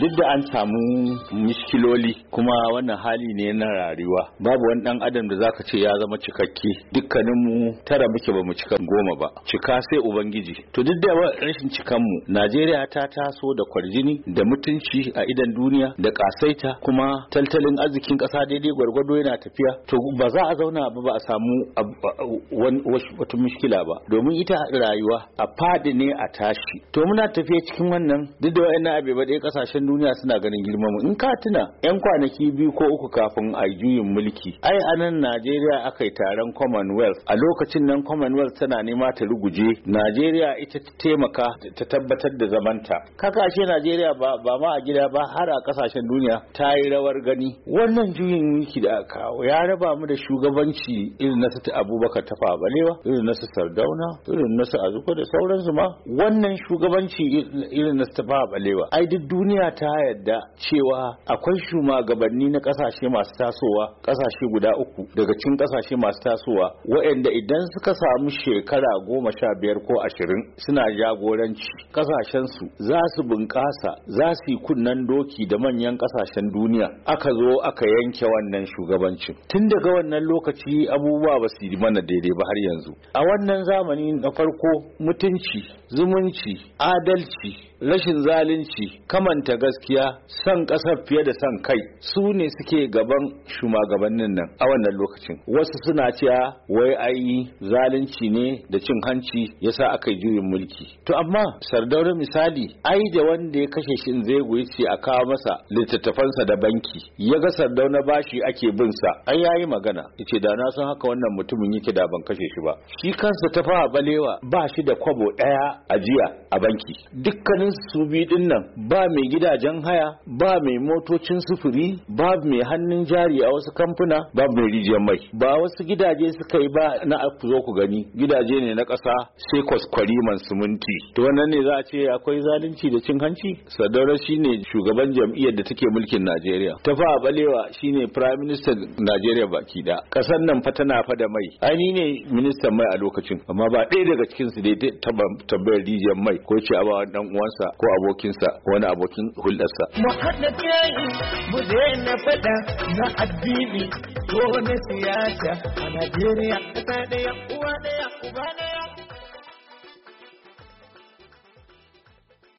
duk da an samu miskiloli kuma wannan hali ne na rayuwa babu wani dan adam da zaka ce ya zama cikakke dukkanin mu tara muke ba mu cika goma ba cika sai ubangiji to duk da rashin cikan mu Najeriya ta taso da kwarjini da mutunci a idan duniya da kasaita kuma taltalin arzikin kasa daidai gwargwado yana tafiya to ba za a zauna ba ba a samu wata miskila ba domin ita rayuwa a fadi ne a tashi to muna tafiya cikin wannan duk da wa'annan abe ba dai kasashen duniya suna ganin girman mu in ka tuna yan kwanaki biyu ko uku kafin a juyin mulki ai a nan Najeriya aka yi taron Commonwealth a lokacin nan Commonwealth tana nema ta ruguje Najeriya ita ta taimaka ta tabbatar da zamanta kaka ashe Najeriya ba ba ma a gida ba har a kasashen duniya ta yi rawar gani wannan juyin mulki da aka kawo ya raba mu da shugabanci irin na su Abubakar Tafa Balewa irin na su Sardauna irin na su Azuko da sauransu ma wannan shugabanci irin na su Balewa ai duk duniya ta yadda cewa akwai shugabanni na kasashe masu tasowa kasashe guda uku daga cikin kasashe masu tasowa waɗanda idan suka samu shekara goma sha biyar ko ashirin suna jagoranci kasashensu za su bunƙasa za su yi kunnen doki da manyan kasashen duniya aka zo aka yanke wannan shugabancin tun daga wannan lokaci abubuwa ba su yi mana daidai ba har yanzu a wannan zamani na farko mutunci zumunci adalci rashin zalunci kamanta gaskiya son ƙasar fiye da son kai su ne suke gaban shugabannin nan a wannan lokacin wasu suna cewa wai ai zalunci ne da cin hanci yasa aka yi juyin mulki to amma sardaura misali ai da wanda ya kashe shi zai goyi ce a kawo masa littattafansa da banki ya ga sardauna bashi ake bin sa ai yayi magana yace da na san haka wannan mutumin yake da ban kashe shi ba shi kansa ta fara balewa ba shi da kwabo daya jiya a banki dukkanin su bi din nan ba mai gida gidajen haya ba mai motocin sufuri ba mai hannun jari a wasu kamfuna ba mai rijiyar mai ba wasu gidaje suka yi ba na a zo ku gani gidaje ne na ƙasa sai kwaskwari kwaskwariman siminti to wannan ne za a ce akwai zalunci da cin hanci sadaura shine shugaban jam'iyyar da take mulkin Najeriya ta fa balewa shine prime minister Najeriya baki da ƙasar nan fa tana fa da mai ai ne ministan mai a lokacin amma ba ɗaya daga cikin su dai taɓa tabbayar rijiyar mai ko ce a dan uwansa ko abokinsa wani abokin hulɗarsa. Mu haɗa kai mu daina faɗa na addini ko na siyasa a Najeriya ƙasa ɗaya uwa ɗaya uba ɗaya.